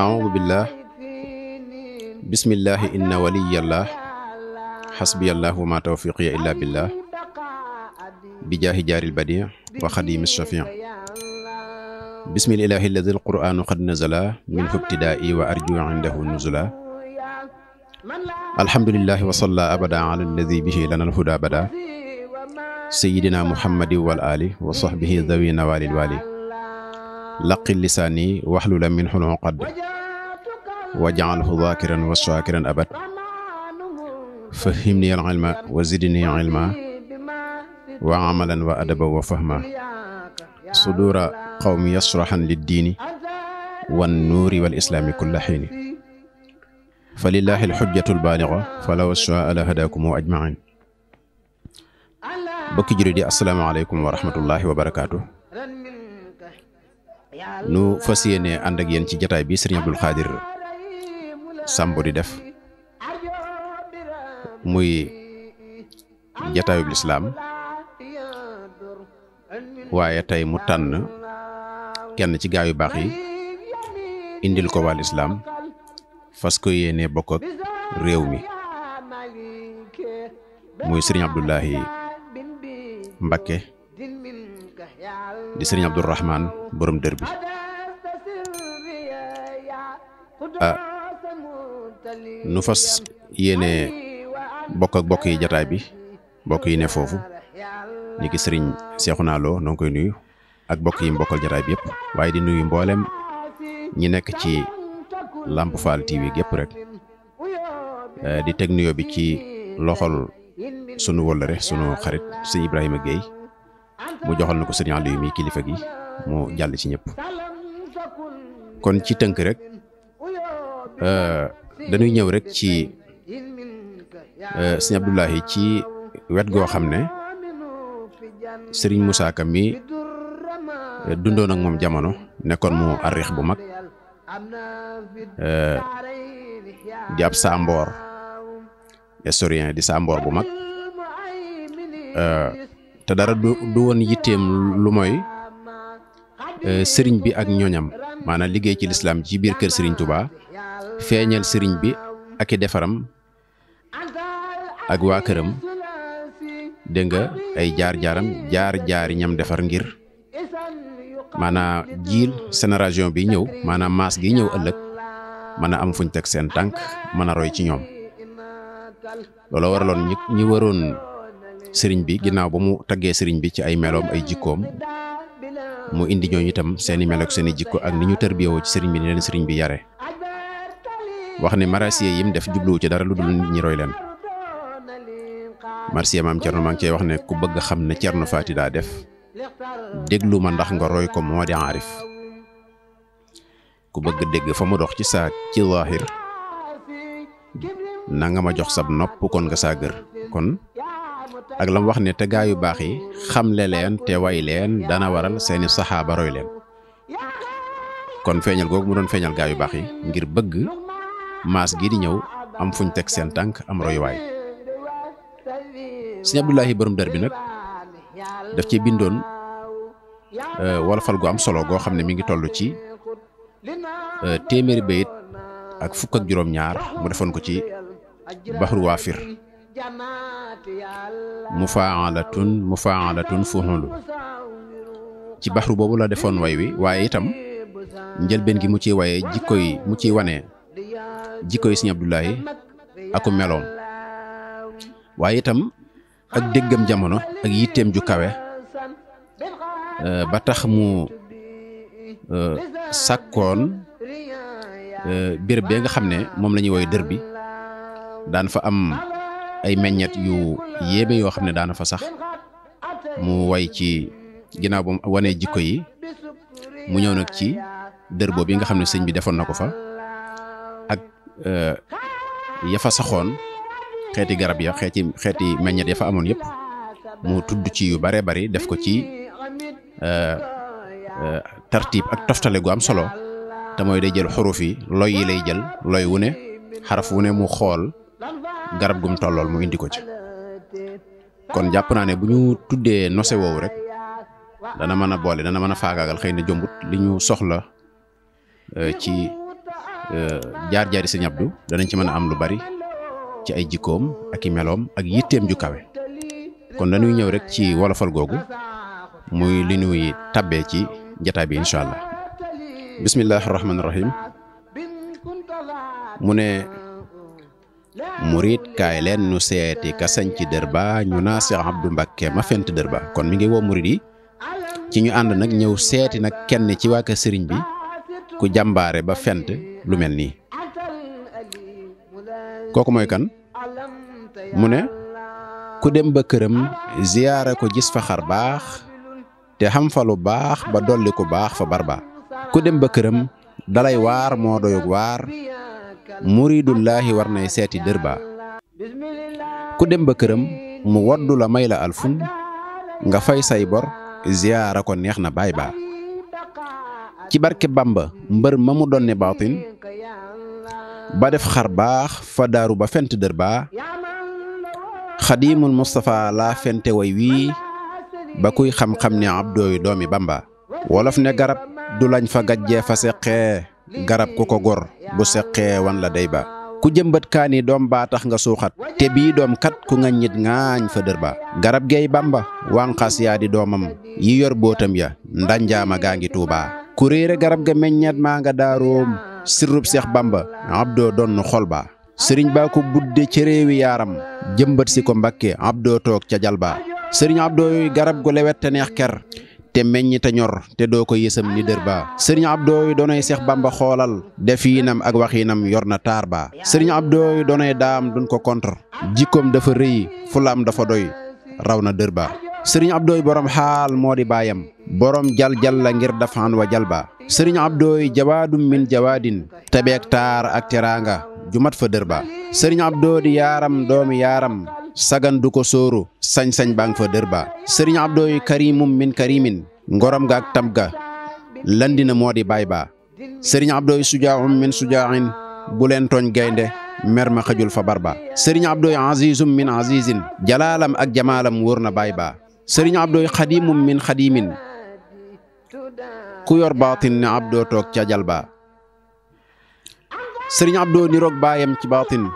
audu billah bismillahi inna waliyallah xasbiyallah wa ma tawfiqiya illa billah bi jaahi jaaril badi wa xadimi shafiin bismillahi alladi alquranu qad nazala min hubtidaai wa arju indahu nuzula alhamdulillahi wa salla abada ala alladi bihi lana alhuda bada sayidina muhammadi wal ali wa sahbihi dawi nawalil wali laqi lisaani waxlula min xunu qadd wajaalhu dhaakiran wa shaakiran abad fahimni al ilma wa zidni ilma wa amalan wa adaba wa fahma sudura qawmi yasraxan liddiini wan nuuri wal islaami kulla xiini fa lillahi alxujjatu albaaliga falaw shaa la hadaakumu ajmain bokki juri di asalaamaaleykum wa rahmatullahi wa barakaatu nu fas yéene ànd ak yéen ci jataay bi sëriñ Abdul Xaadir Samb di def muy jataayub lislaam waaye tey mu tànn kenn ci gaa yu baax yi indil ko waa lislaam fas ko yéene bokk ak réew mi muy sëriñ Abdullahi Mbakke di sëriñ Abdou Rahman borom dër bi ah nu fas yéene bokk ak bokk yi jataay bi bokk yi ne foofu ñi ki sëriñ Seexuna Lo noo ngi koy nuyu ak bokk yi mbokkal jataay bi yëpp waaye di nuyu mbooleem ñi nekk ci Lamp Fall TV gépp rek eh, di teg nuyoo bi ci loxol sunu wëllëre sunu xarit sëñ Ibrahima Guèye mu joxal na ko sëriñ Aliou mi kilifa gi mu jàll ci ñépp kon ci tënk rek euh, dañuy ñëw rek ci euh, sëriñ ci wet goo xam ne sëriñ Moussa mi euh, dundoon ak moom jamono nekkoon mu arrix bu mag di ab saamboor historien di saamboor bu mag te dara du woon yitteem lu mooy euh, sëriñ bi ak ñooñam maanaam liggéey ci lislaam ci biir kër sëriñ Touba feeñal sëriñ bi ak i defaram ak waa këram dégg nga ay jaar-jaaram jaar jaariñam defar ngir maanaam jiil génération bi ñëw maanaam maas gi ñëw ëllëg mën a am fuñ teg seen tànk mën a roy ci ñoom loolu waraloon ñi waroon. sëriñ bi ginnaaw ba mu taggee sëriñ bi ci ay meloom ay jikkoom mu indi ñooñu itam seeni melo seeni jikko ak ni ñu tërbiyewoo ci sëriñ bi ni leen sëriñ bi yare wax ne marasiye yim def jubluwu ci dara lu dul nit ñi roy maa ngi cey wax ne ku bëgg xam ne Cerno Faati daa def déglu ma ndax nga roy ko moo di aarif ku bëgg dégg fa mu dox ci saak ci zaahir na nga ma jox sab nopp kon nga saa gër kon ak lam wax ne te gaa yu baax yi xamle leen te way leen dana waral seeni saxaaba roy leen kon feeñal googu mu doon feeñal gaa yu baax yi ngir bëgg maas gi di ñëw am fuñ teg seen tànk am royuwaay sëñ Abdullahi borom dër bi nag daf ci bindoon euh, wolofal gu am solo goo xam ne mi ngi tollu ci euh, téeméeri bayit ak fukk ak juróom-ñaar mu defoon ko ci Bahru Waafir mufaalatun mufaalatun fuxulu ci baxru boobu la defoon way wi waaye itam njëlbeen gi mu ci waye jikko yi mu ciy wane jikko yi Sëriñ Abdoulahi aku meloom waaye itam ak déggam jamono ak yitteem ju kawe euh, ba tax mu euh, sàkkoon euh, béréb bee nga xam ne moom lañuy ñuy woy dër bi daan fa am ay meññet yu yéeme yoo xam ne daana fa sax mu way ci ginnaaw ba mu wanee jikko yi mu ñëw nag ci dër boobu yi nga xam ne sëñ bi defoon na ko fa ak euh, yafa saxoon xeeti garab ya xeeti xeeti meññet ya fa amoon yëpp mu tudd ci yu bare bari def ko ci euh, euh, tartiib ak toftale gu am solo te mooy day jël xuruf yi looy yi lay jël loy wu ne xaraf wu ne mu xool garab gum tollool mu indi ko ci kon jàpp naa ne bu ñu tuddee nose woowu rek dana mën a boole dana mën a faagaagal xëy na jombut li ñu soxla euh, ci euh, jaar-jaari si Abdu danañ ci mën a am lu bari ci ay jikkoom ak i meloom ak yitteem ju kawe kon dañuy ñëw rek ci wolofal googu muy li ñuy tabbee ci jataay bi incha allah bismillahi rahmaani rahim mu ne murit kaay leen nu seeti ka sañ ci dër ba ñu naa Cheikh Abdou Mbacké ma fent dër ba kon mi ngi woo murit yi ci ñu ànd nag ñëw seeti nag kenn ci waa sëriñ bi ku jàmbaare ba fent lu mel nii kooku mooy kan mu ne ku dem ba këram ziyaara ko gis fa xar baax te xam fa lu baax ba dolli ku baax fa bar baax ku dem ba këram dalay waar moo doyug waar muridullaahi war nay seeti dërbaa ku dem ba këram mu woddu la may la alfum nga fay say bor ziyaara ko neex na baay baa ci barke Bamba mbër ma mu donne baatin ba def xar baax fa daaru ba fent dër ba xadiimul Moustapha laa fente way wii ba kuy xam-xam ne abdooyu doomi Bamba wolof ne garab du lañ fa gajjee fa seqee garab ku ko gor bu seqee wan la day ba ku jëmbat kaani doom baa tax nga suuxat te bii doom kat ku nga ñit ŋaañ fa dër ba garab geey bamba wànqaas yaa di doomam yi yor bootam ya ndanjaama gaa ngi tuubaa ku réere garab ga meññeet maa nga daaroom sirrub seex bamba abdoo donn xol ba sëriñ baa ko budde ca yaaram jëmbat si ko mbakke abdoo toog ca jalbaa sëriñ abdoo garab gu lewet te neex ker te meññ te ñor te doo ko yësam ni dër baa sëriñ Abdooy doonay Seex Bamba xoolal defiinam ak waxiinam yor na taar baa sëriñ Abdooy doonay daam duñ ko contre jikkoom dafa rëy fulaam dafa doy raw na dër baa ab Abdooy boroom xaal moo di baayam boroom jal jal la ngir dafaan wa jalba sëriñ Abdooy jawaadum min jawaadin tebeek taar ak teraanga jumat fa dër baa sëriñ Abdoo di yaaram doomi yaaram sagan du ko sóoru sañ-sañ baa ngi fa dër ba sëriñ abdooy karimum min karimin ngorom ga ak tab ga landina moo baay ba sëriñ abdooy sujaahum min sujaahin bu gaynde mer ma xëjul fa bar ba sëriñ abdooy azizum min azizin jalaalam ak jamaalam wóor na baay ba sëriñ abdooy xadimum min xadimin ku yor baatin ne abdoo toog ca ba sëriñ abdoo niroog baayam ci baatin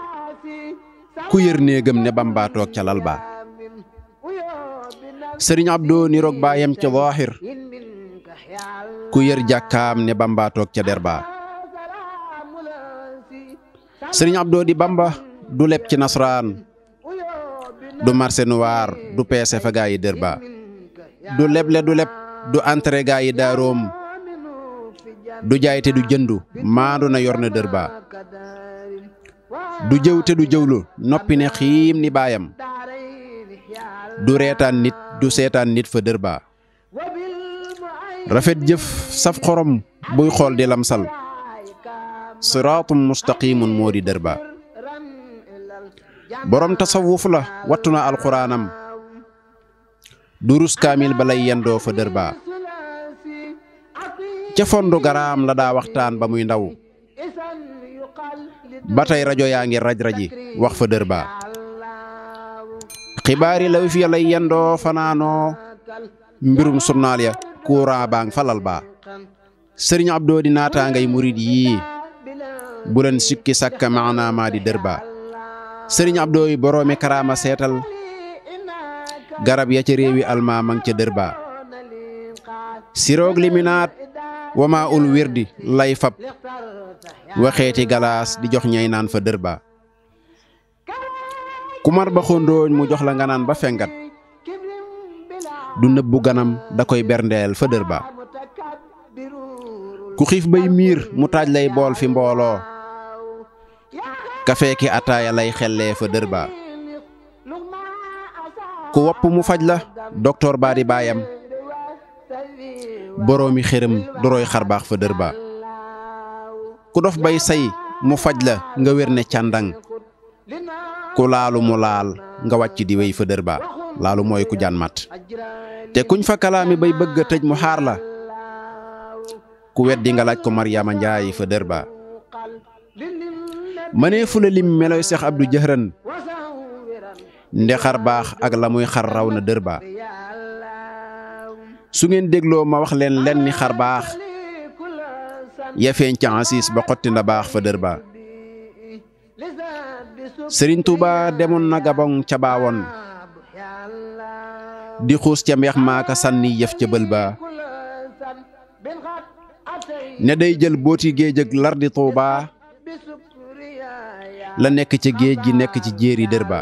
ku yër néegam ne Bamba toog ca lal ba sëriñ Abdou niroog baayam ca zaahir ku yër jàkkaam ne Bamba toog ca der ba sëriñ Abdou di Bamba du leb ci nasraan du marché noir du peese fa gaa dër ba du leble du leb du entré gaa yi daaroom du jaay te du jëndu maandu na yor dër ba du jëw te du jëwlu noppi ne xiim ni baayam du reetaan nit du seetaan nit fa dër baa rafet jëf saf xorom buy xool di lamsal siraatum mustaqimun moo di dër baa borom tasawuf la wattu na alxuraanam durus kaamil ba lay yendoo fa dër baa ca fondu garaam la daa waxtaan ba muy ndaw ba rajo yaa ngi raj-raji wax fa dër baa xibaari law fi lay yendoo fanaanoo mbirum surnaal ya courant baa falal baa sëriñ Abdou di naataangay murid yii bu leen sikki sàkka maanaamaa di dër baa sëriñ Abdou yi boroomi karaama seetal garab ya ca réewi almaa ma ngi ca dër baa siroog liminaat wamaa ul wirdi lay fab waxeeti galaas di jox ñay naan fa dër baa ku mar ba xondooñ mu jox la nga naan ba fengat du nëbbu ganam da koy berndeel fa dër ku xiif bay miir mu taaj lay bool fi mbooloo kafeeki ataaya lay xellee fa dër ku wopp mu faj la doktoor baa di baayam boroomi xërëm dorooy baax fa dër ba ku dof bay say mu faj la nga wér ne càndang ku laalu mu laal nga wàcc di wey fa dër ba laalu mooy ku jaan mat te kuñ fa kalaami bay bëgg a tëj mu xaar la ku weddi nga laaj ko Maryaama Njaay fa dër ba mënee fu la lim meloy Seex Abdu Jëxërën nde xar baax ak la muy xar raw na dër su ngeen dégloo ma wax leen lenni xar baax ya ca Asiis ba xotti na baax fa dër ba Sëriñ Tuuba demoon na Gabon ca baawoon di xuus ca mbeex maaka sànni yëf ca bël ba ne day jël booti géej ak lar di Tuuba la nekk ca géej gi nekk ci jéeri dër ba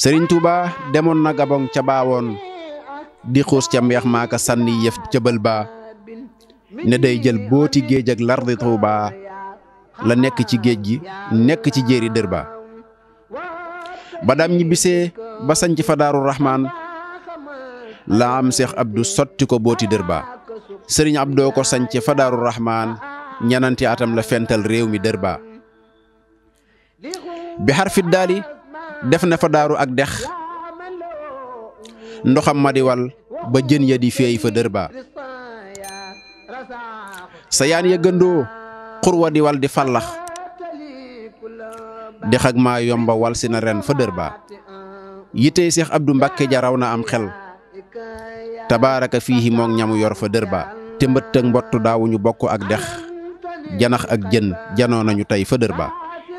Sëriñ Tuuba demoon na Gabon ca baawoon di xuus ca mbeex maaka sànni yëf jëbal ba ne day jël booti géej ak lardi tuuba la nekk ci géej gi nekk ci jéeri dër ba ba ñibbisee ba sañc fadaaru daaru rahmaan la am seex abdu sotti ko booti dër ba sëriñ doo ko sañc fadaaru daaru rahmaan ñananti atam la fental réew mi dër ba bi xar fit daali def na fadaaru ak dex ndoxam ma di ba jën ya di feey fa dër ba sayaan ya gëndoo xur wa di wal fallax dex ak maa yomba wal si na ren fa dër ba yittey seex abdu mbàkke ja raw na am xel tabaaraka fiihi moog ñamu yor fa dër ba te mbëtt ak mbott daawuñu bokk ak dex janax ak jën janoo nañu tey fa dër ba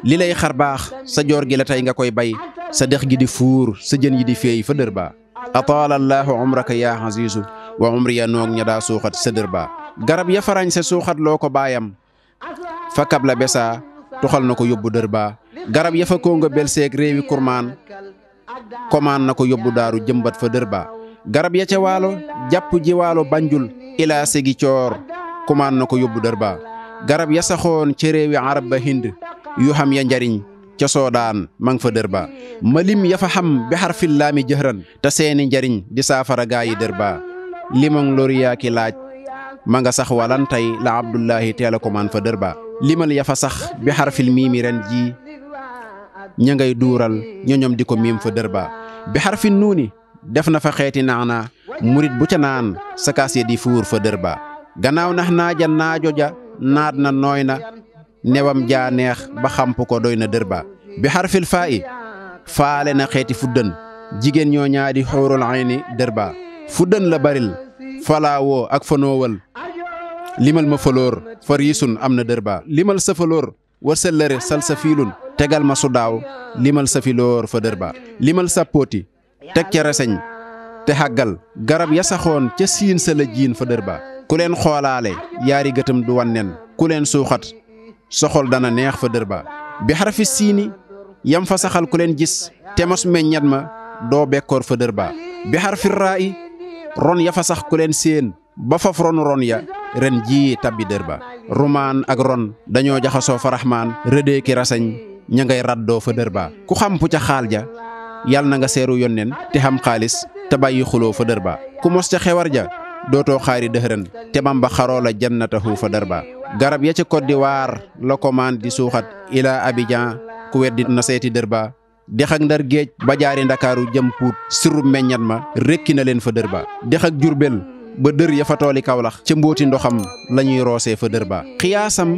li lay xar baax sa joor gi la tey nga koy bay sa dex gi di fuur sa jën yi di feey fa dër ba ataala allaahu umraka yaa aziizu wa umriya noog ña daa suuxat sëdër ba garab ya farañse suuxat loo ko baayam fa kab besa tuxal na ko yóbbu dër ba garab ya fa kongo belseeg réewi kurmaan komaan na ko yóbbu daaru jëmbat fa dër ba garab ya ca waalo jàpp ji waalo banjul ilaa segi coor kumaan na ko yóbbu dër ba garab ya saxoon ca réewi arab ba hind yu xam ya njariñ ca soodaan ma nga fa dër ba malim yafa xam bi xar fillaami jëxran te seeni njariñ di saafara gaa yi dër ba limong loriyaa ki laaj ma nga sax tey la abdullahi teel a komaan fa dër ba limal yafa sax bi xar fil miimi ren jii ña ngay duural ñoñom di ko miim fa dër ba bi xar fi def na fa xeeti naana murit bu ca naan sa kaas di fuur fa dër ba gannaaw nax naaja naajo naat na nooy na newam jaaneex ba xamp ko doy na dër ba bi xarfil faa i faale na xeeti fuddën jigéen ñoo ñaari xuurul ayni fuddën la baril falaawoo ak fanoowal limal ma faloor fariisun am na dër limal sa faloor wa sellëre sal sa fiilun tegal ma su daaw limal sa filoor fa dër limal sa pooti teg ca reseñ te xàggal garab ya saxoon ca siin sa la jiin fa dër ku leen xoolaale yaari gëtam du wannen ku leen suuxat soxol dana neex fa dër ba bi xarafi siini yam fa saxal ku leen gis te mos meññat ma doo bekkoor fa dër ba bi xarafi raa i ron ya fa sax ku leen séen ba faf ronu ron ya ren jii tabbi dër ba rumaan ak ron dañoo jaxasoo fa raxmaan rëdee ki rasañ ña ngay raddoo fa dër ba ku xam ca xaal ja yàlla na nga seeru yonneen te xam xaalis te bàyyi xuloo fa dër ba ku mos ca xewar ja dootoo xaari dëxërën te bamba xaroo la jannatahu fa dër ba garab ya ca Côte la commande di suuxat ila Abidjan ku weddi na seeti Dërba dex ak ndar géej ba jaari ndakaaru jëm puut sirub meññat ma rekki na leen fa dër ba dex ak Jurbel ba dër ya fa tooli Kawlax ca mbóoti ndoxam la ñuy roosee fa Dërba xiyaasam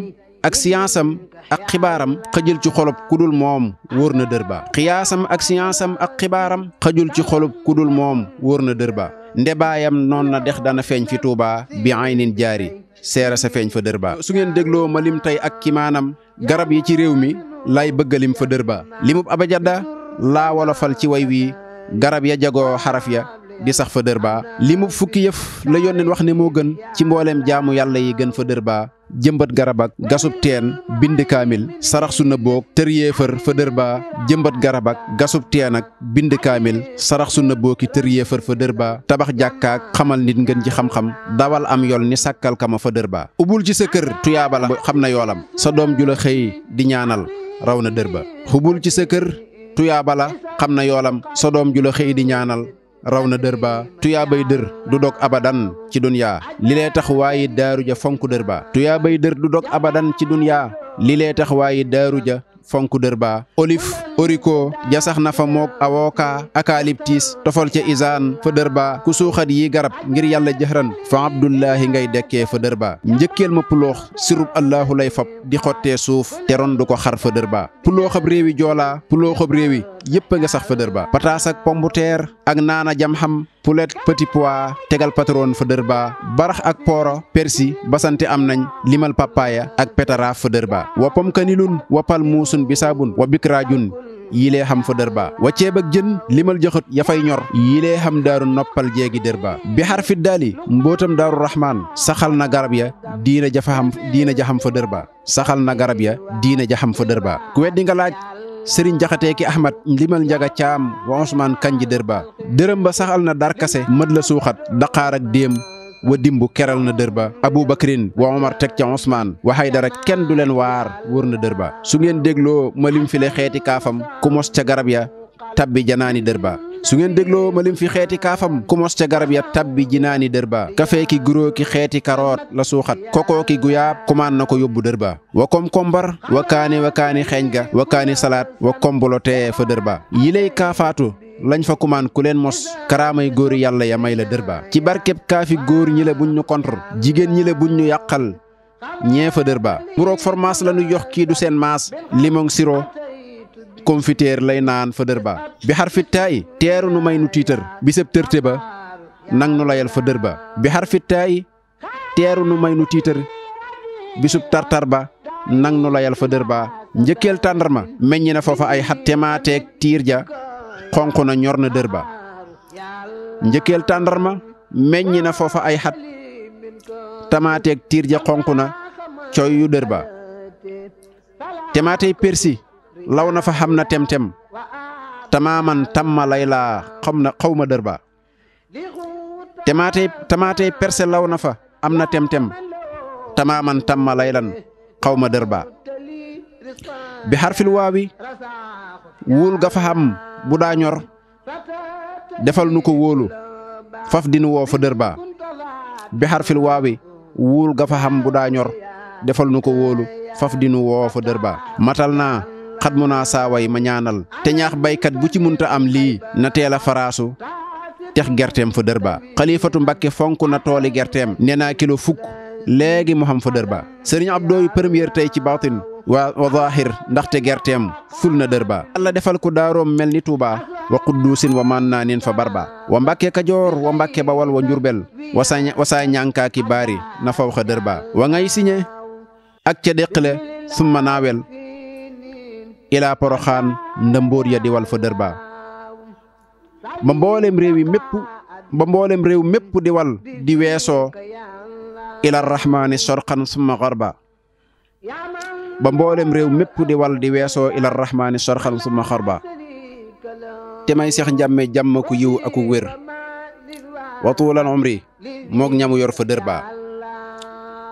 ak siyaasam ak xibaaram xajul ci xolub ku dul moom wóor na dër Dërba xiyaasam ak siyaasam ak xibaaram xajul ci xolub ku dul moom wóor na dër Dërba ndebaayam noonu na dex dana feeñ fi Touba bi aynin jaari seera sa feeñ fa dër baa su ngeen dégloo ma lim tey ak kimaanam garab yi ci réew mi laay bëggalim fa dër baa li mu abajada laa wolofal ci way wii garab ya jagoo xaraf ya di sax fa dër baa mu fukki yëf la yónneen wax ne moo gën ci mbooleem jaamu yàlla yi gën fa dër baa jëmbat garab ak gasub teen bind kaamil sarax su nëbboog tër yéefër fëdër baa jëmbat garab ak gasub teen ak bind kaamil sarax su nëbboog ki tër yéefër fëdër baa tabax jàkkaak xamal nit ngeen ci xam-xam dawal am yol ni sàkkal kama fëdër baa ubul ci sa kër tuyaaba la xam na yoolam sa doom ju la xëy di ñaanal raw na dër ba xubul ci sa kër tuyaaba xam na yoolam sa doom ju la xëy di ñaanal raw na dër ba tuyaabay dër du dog abadan ci dunyaa li lee tax waayi daaru ja fonk dër ba tuyaabay dër du dog abadan ci dunyaa li lee tax waayi daaru ja fonk dër ba olif oriko jasax na fa mook awoka akaliptis tofal ca isaan fa dër ba ku suuxat yi garab ngir yàlla jëxran fa abdullahi ngay dekkee fa dër ba njëkkeel ma puloox sirub allahu lay fab di xottee suuf te ron du ko xar fa dër ba pulooxab réewi joolaa pulooxab réewi yépp nga sax fa dër ba pataas ak naana jam xam poulet petit pois tegal patron fëdër ba barax ak pooro persi basanti am nañ limal pàppaaya ak petara fëdër baa wa pomkanilun wa pal muusun bisaabun wa bikraajun yilee xam fëdër baa wa ceeb ak jën limal joxët ya fay ñor yilee xam daaru noppal jeegi dër ba bi xar fit daali mbootam daaru rahmaan saxal na garab ya diina jafa xam diina jaxam fëdër ba saxal na garab ya diina jaxam fëdër ba ku weddi nga laaj sëriñ jaxatee ki ahmad limal njaga caam wa ousmane kanji dërba dërëm ba saxal na darkase mët la suuxat daqaar ak déem wa dimb keral na dër ba abou bakrin wa omar teg ca ousmane wa haydara kenn du leen waar wër na dër ba su ngeen dégloo malim file xeeti kaafam ku mos ca garab ya tabbi janaani dërba su ngeen dégloo ma lim fi xeeti kaafam ku mos ca garab ya tabbi jinaani dër ba kafe ki guro ki xeeti karoot la suuxat kokoo ki guyaab kumaan na ko yóbbu dër ba wa komkombar wa kaani wa kaani xeeñ ga wa kaani salaat wa kombolotee fa dër ba yilay kaafaatu lañ fa kumaan ku leen mos karaamay góor yàlla ya may la dër ba ci barkeb kaafi góor ñi buñ ñu kontr jigéen ñi buñ ñu yàqal ñee fa dër ba buroog formaas la ñu kii du seen maas limong siro confiteer lay naan fëdër ba bi xar fit teeru nu may nu tiitër bisëb tërte ba nang nu layal fëdër ba bi xar fit teeru nu may nu tiitër bisub tartar ba nang nu layal fëdër ba njëkkeel tàndarma meññ na foofa ay xat temaateeg tiir ja xonq na ñor na dër ba njëkkeel tàndarma meññ na foofa ay xat tamaateeg tiir ja xonq na coy dër ba temaatey persi law na fa xam na tem-tem tamaaman tamma lay laa xam na xaw ma dër ba tamaatey tamaatey perse law na fa am na tem-tem tamaaman tamma lay lan xaw ma dër ba bi xarfil waawi wóol ga bu daa ñor defal nu ko wóolu faf dinu woo fa dër ba bi xarfil waawi wóol ga xam bu daa ñor defal nu ko wóolu faf dinu woo fa dër ba matal naa xat mu naa saaway ma ñaanal te ñaax baykat bu ci munta am lii na teel a faraasu tex gerteem fa dër baa xalifatu Mbàkke fonk na tooli gerteem nee naa kilo fukk léegi mu xam fa dër ba sëriñ Abdooy première tey ci baatin waa wa zaahir ndaxte gerteem ful na dër ba yàlla defal ko daaroom mel ni Tuuba wa qudduusin wa mannaanin fa barba wa Mbàkke Kajoor wa Mbàkke Bawal wa Njurbel wa sa wa baari na faw xa dër ba wa ngay siñe ak ca déqale summa ilaa poroxaan ndëmbóor ya di fa dër baa ba mboolem réew yi mépp ba mboolem réew mépp di di weesoo ila rahmaani sorxan summa xarba ba mboolem réew mépp di di weesoo ila rahmaani sorxan summa xarba te may seex njàmme jàmm ku yiw aku wér watuulan umri moog ñamu yor fa dër baa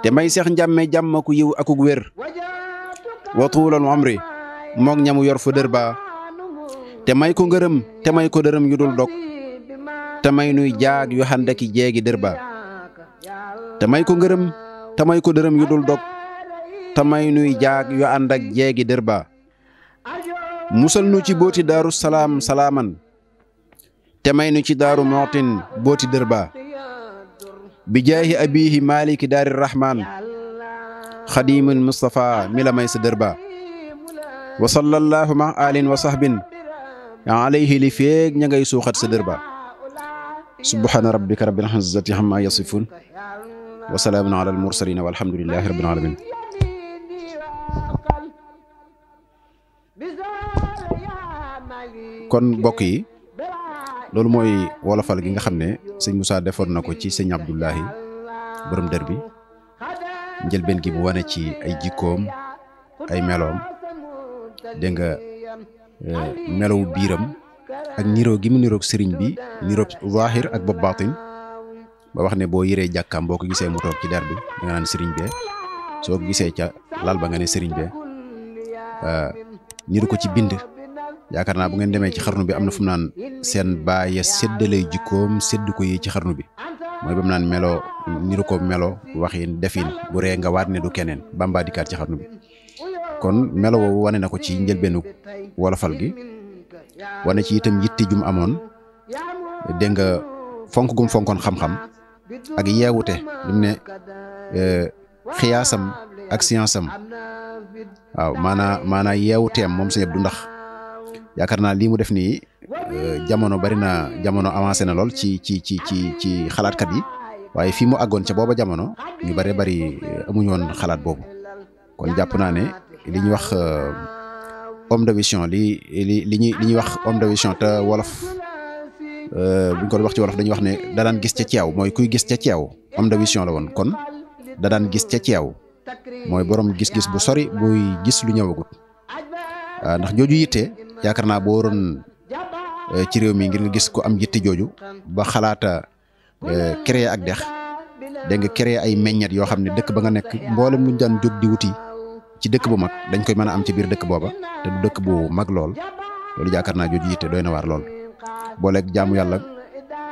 te may seex njàmme jàmm ku yiw aku wér watuulan umri moog ñamu yor fa dër ba te may ko ngërëm te may ko dërëm yu dul dog te may nuy jaag yu xande ki jeegi dër ba te may ko ngërëm te may ko dërëm yu dul dog te may nuy jaag yu ànd ak jeegi musal nu ci booti daaru salaam salaaman te may nu ci daaru mootin booti dër ba bi jaahi abiihi maaliki daari rahmaan xadiimul Mustapha mi la may sa dër ba wa sallallahu ma alin wa sahbin alayhi li feeg ña suuxat sa dër ba subhaana rabbika rabbil izzati amma yasifun wa salaamun ala al mursalin walhamdulillahi rabbil kon mbokk yi loolu mooy wolofal gi nga xam ne sëñ Moussa defoon na ko ci sëñ Abdullahi borom dër bi njëlbeen gi bu wane ci ay jikkoom ay meloom dégg nga euh, melaw biiram ak niroo gi mu niroog sëriñ bi niroog zahir ak bopp baatin ba wax ne boo yëree jàkkaam boo ko gisee mu ci der bi da naan sëriñ bee soo gisee ca lal ba nga ne sëriñ bee euh, niru ko ci bind yaakaar naa bu ngeen demee ci xarnu bi am na fu mu naan seen baaya séddalay jikkoom sédd ko yi ci xarnu bi mooy ba mu naan melo niru ko melo waxin defin bu ree nga waat ne du keneen bàmbaa ci xarnu bi kon melo wane na ko ci njëlbeenu wolofal gi wane ci itam yitti jum amoon dégg nga fonk gum fonkoon xam-xam ak yeewute lim ne eh, xiyaasam ak science am waaw maanaa maanaa yeewuteem moom seet Abdu ndax yaakaar naa li mu def nii eh, jamono bari na jamono avancé na lool ci ci ci ci ci xalaatkat yi waaye fii mu àggoon ca booba jamono ñu bare bari eh, amuñu xalaat boobu kon jàpp naa ne li ñuy wax euh, homme de vision li li li ñuy li ñuy wax homme de vision te wolof euh, bu ñu ko wax ci wolof dañuy wax ne da daan gis ca ceew mooy kuy gis ca ceew homme de vision la woon kon da gis ca ceew mooy borom gis-gis bu sori buy gis lu ñëwagut ah, ndax jooju yitte yaakaar naa boo waroon euh, ci réew mi ngir nga gis ko am yitte jooju ba xalaata créer ak dex dégg nga créer ay meññet yoo xam ne dëkk ba nga nekk mboolem luñ daan jóg di wuti ci dëkk bu mag dañ koy mën a am ci biir dëkk booba te du dëkk bu mag lool loolu jaakaar naa jooju yitte doy na waar lool. booleeg jaamu yàlla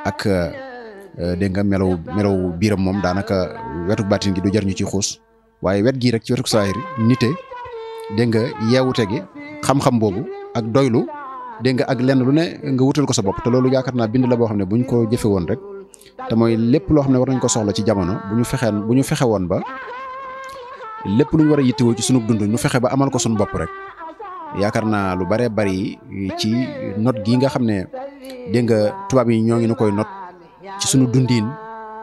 ak euh, dégg nga melaw melaw biiram moom daanaka wetu baatin gi du jar ñu ci xuus waaye wet gii rek ci wetu saahir nite dégg nga yeewute gi xam-xam boobu ak doylu dégg nga ak lenn lu ne nga wutal ko sa bopp te loolu yaakaar naa bind la boo xam ne bu ñu ko jëfe woon rek te mooy lépp loo xam ne war nañ ko soxla ci jamono bu ñu fexe woon ba lépp lu ñu war a ci sunu dund ñu fexe ba amal ko sunu bopp rek yaakaar naa lu bare bari ci not gi nga xam ne dégg nga tubaab yi ñoo ngi nu koy not ci sunu dundiin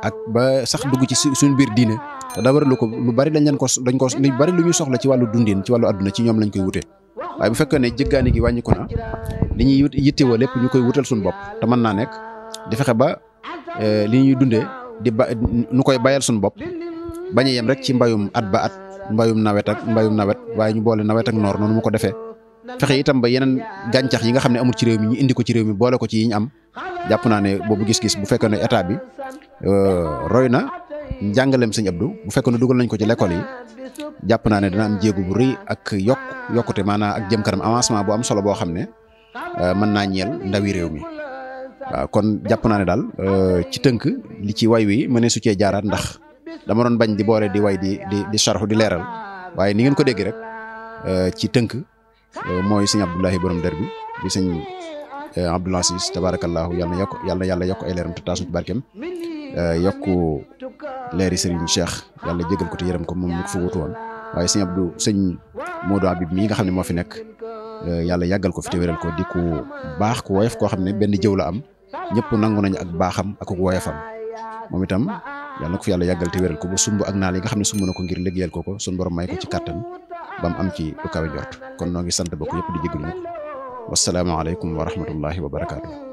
ak ba sax dugg ci suñu biir diine te da ko lu bari dañ leen ko dañ ko bari lu ñu soxla ci wàllu dundiin ci wàllu adduna ci ñoom lañ koy wute. waaye bu fekkee ne jëggaani gi wàññi na li ñuy yittewoo lépp ñu koy wutal suñu bopp te mën naa nekk di fexe ba eh, li ñuy dundee di ba nu koy bayal suñu bopp bañ a rek ci mbayum at ba at. mbayum nawet ak mbayum nawet waaye ñu boole nawet ak noor noonu mu ko defee fexe itam ba yeneen gàncax yi nga xam ne amul ci réew mi ñu indi ko ci réew mi boole ko ci yi ñu am jàpp naa ne boobu gis-gis bu fekkee ne état bi euh, roy na njàngaleem sëñ Abdou bu fekkee ne dugal nañ ko ci l'école yi jàpp naa ne dana am jéego bu rëy ak yokk yokkute maanaam ak jëm kanam avancement bu am solo boo xam ne euh, mën naa ñeel ndawi réew mi waaw kon jàpp naa ne daal euh, ci tënk li ci way wi mënee su cee jaaraat ndax. dama doon bañ di boore di way di di di sarxu di leeral waaye ni ngeen ko dégg rek euh, ci tënk euh, mooy sëñ Abdoulahi borom dër bi di sëñ euh, Abdoul Aziz tabaarakallaahu yàlla na yokk yàlla yàlla yokk ay leeram te taas ci barkeem yokk leeri sëriñ Cheikh yàlla jégal ko te yërëm ko moom ñu ko fa wutu woon sëñ Abdou mii nga xam ne moo fi nekk yàlla yàggal ko fi te wéral ko di ku baax ku woyof koo xam ne benn jëw la am ñépp nangu nañ ak baaxam ak woyofam moom itam yàlla na ko fi yàlla yàggal te wéral ko ba sumb ak naal yi nga xam ne sumb na ko ngir liggéeyal ko ko suñu borom may ko ci kàttan ba am ci lu kawe jort kon noo ngi sant bokk yëpp di jégalu ñëpp wasalaamaaleykum wa rahmatullahi wa barakaatu.